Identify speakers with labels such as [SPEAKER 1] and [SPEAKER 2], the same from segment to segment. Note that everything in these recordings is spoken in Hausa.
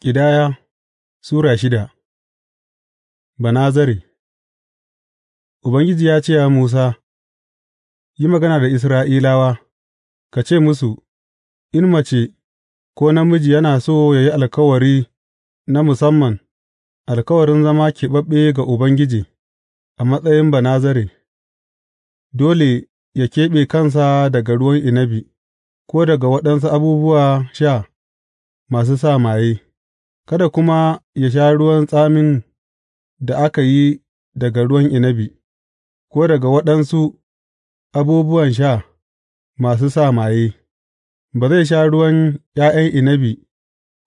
[SPEAKER 1] Ƙidaya Sura shida Banazare Ubangiji ya ce wa Musa, Yi magana da Isra'ilawa, ka ce musu, In mace ko namiji yana so ya yi alkawari na musamman, alkawarin zama keɓaɓɓe ga Ubangiji a matsayin Banazare, dole ya keɓe kansa daga ruwan inabi ko daga waɗansu abubuwa sha masu sa maye. kada kuma yă sha ruwan tsamin da aka yi daga ruwan inabi, ko daga waɗansu abubuwan sha masu sa maye, ba zai sha ruwan ’ya'yan inabi,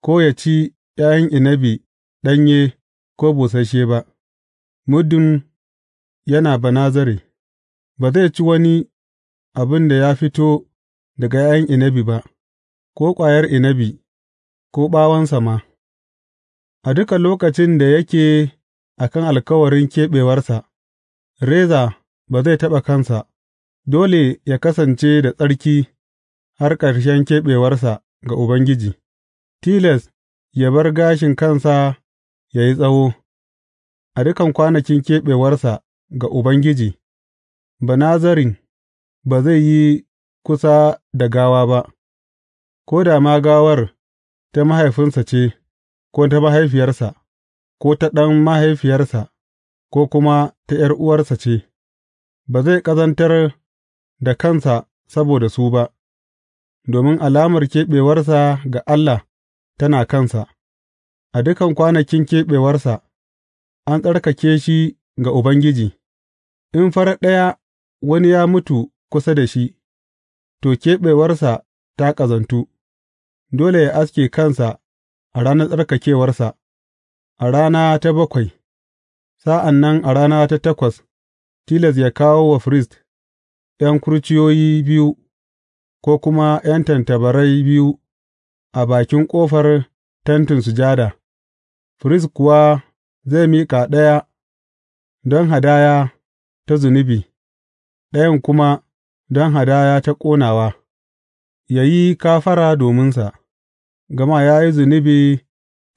[SPEAKER 1] ko ya ci ’ya'yan inabi ɗanye ko busasshe ba, muddin yana Banazare, ba zai ci wani abin da ya fito daga ’ya'yan inabi ba, ko ƙwayar inabi, ko ɓawon sama. A duka lokacin da yake a kan alkawarin keɓewarsa, reza ba zai taɓa kansa; dole yă kasance da tsarki har ƙarshen keɓewarsa ga Ubangiji, tilas yă bar gashin kansa ya yi tsawo, a dukan kwanakin keɓewarsa ga Ubangiji, Banazarin ba zai yi kusa da gawa ba, ko da ma gawar ta mahaifinsa ce. ko ta mahaifiyarsa, ko ta ɗan mahaifiyarsa, ko kuma ta ’yar'uwarsa ce, ba zai ƙazantar da kansa saboda su ba, domin alamar keɓewarsa ga Allah tana kansa, a dukan kwanakin keɓewarsa, an tsarkake shi ga Ubangiji, in farar ɗaya wani ya mutu kusa da shi, to, keɓewarsa ta ƙazantu, dole ya aske kansa a ranar tsarkakewarsa, a rana ta bakwai, sa'an nan a rana ta takwas, tilas ya kawo wa firist ’yan kurciyoyi biyu ko kuma ’yan tantabarai biyu a bakin ƙofar Tentin Sujada, firist kuwa zai miƙa ɗaya don hadaya ta zunubi, ɗayan kuma don hadaya ta ƙonawa, Ya yi kafara dominsa. gama ya yi zunubi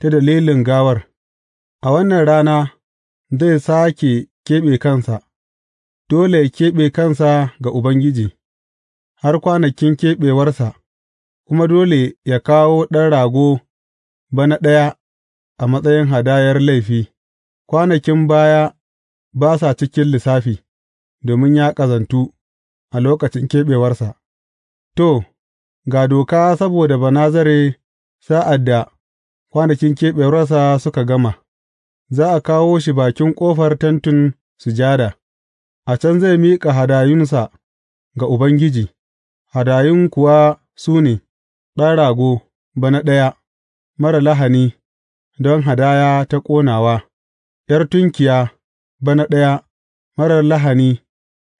[SPEAKER 1] ta dalilin gawar, a wannan rana zai sāke keɓe kansa, dole ya keɓe kansa ga Ubangiji, har kwanakin keɓewarsa, kuma dole ya kawo ɗan rago bana ɗaya a matsayin hadayar laifi, kwanakin baya ba sa cikin lissafi, domin ya ƙazantu a lokacin keɓewarsa. To, ga doka saboda Banazare. Sa'ad da kwanakin keɓewarsa suka gama, za a kawo shi bakin ƙofar Tentin Sujada, a can zai miƙa hadayunsa ga Ubangiji, hadayun kuwa su ne, ɗan rago, bana ɗaya, mara lahani, don hadaya ta ƙonawa, ’yar tunkiya, bana ɗaya, marar lahani,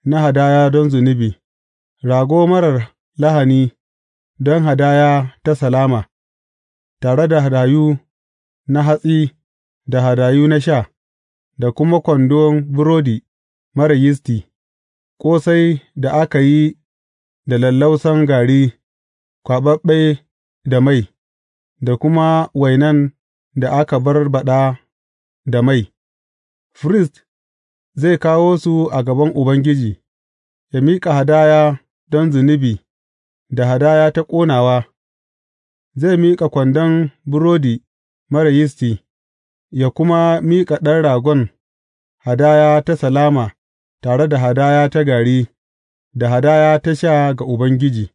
[SPEAKER 1] na hadaya don zunubi, rago marar lahani don hadaya ta salama. tare da hadayu na hatsi da hadayu na sha, da kuma kwandon burodi mara yisti, ƙosai da aka yi da lallausan gari, kwaɓaɓɓe da mai, da kuma wainan da aka bar baɗa da mai. Firist zai kawo su a gaban Ubangiji, ya miƙa hadaya don zunubi da hadaya ta ƙonawa. zai miƙa kwandon burodi marar yisti, ya kuma miƙa ɗan ragon hadaya ta salama tare da hadaya ta gari da hadaya ta sha ga Ubangiji,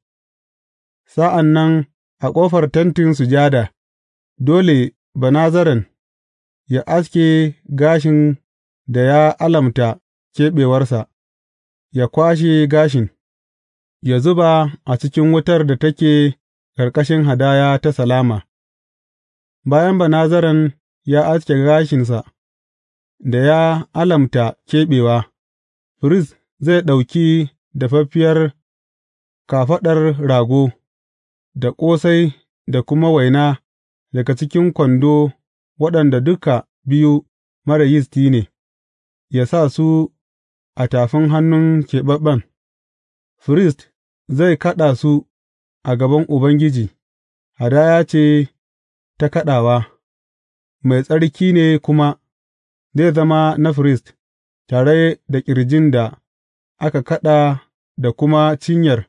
[SPEAKER 1] sa'an nan a ƙofar Tentin Sujada, dole Banazaren ya aske gashin da ya alamta keɓewarsa, ya kwashe gashin, ya zuba a cikin wutar da take ƙarƙashin hadaya ta salama, bayan Banazaren ya aske gashinsa da ya alamta keɓewa, firist zai ɗauki dafaffiyar kafaɗar rago, da ƙosai da kuma waina daga cikin kwando waɗanda duka biyu marar yisti ne, ya sa su a tafin hannun keɓaɓɓen, firist zai kaɗa su a gaban Ubangiji, hadaya ce ta kaɗawa, mai tsarki ne kuma zai zama na firist, tare da ƙirjin da aka kaɗa da kuma cinyar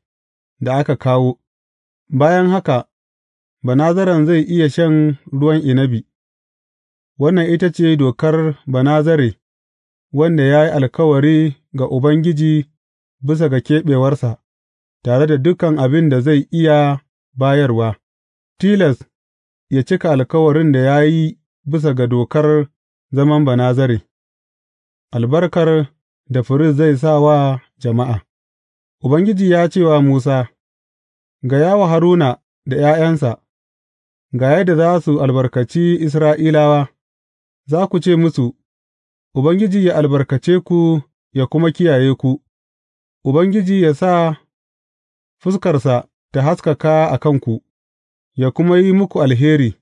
[SPEAKER 1] da aka kawo, bayan haka, Banazaren zai iya shan ruwan inabi, wannan ita ce dokar Banazare wanda ya yi alkawari ga Ubangiji bisa ga keɓewarsa. tare da dukan abin da zai iya bayarwa, tilas ya cika alkawarin da ya yi bisa ga dokar zaman Banazare, albarkar da firist zai sa wa jama'a. Ubangiji ya ce wa Musa, Gaya wa Haruna da ’ya'yansa, ga yadda za su albarkaci Isra'ilawa, za ku ce musu, Ubangiji ya albarkace ku ya kuma kiyaye ku, Ubangiji ya sa Fuskarsa ta haskaka a kanku, ya kuma yi muku alheri;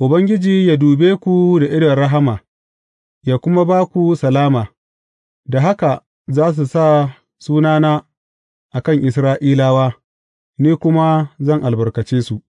[SPEAKER 1] Ubangiji ya dube ku da irin rahama, ya kuma ba ku salama, da haka za su sa sunana a kan Isra'ilawa, ni kuma zan albarkace su.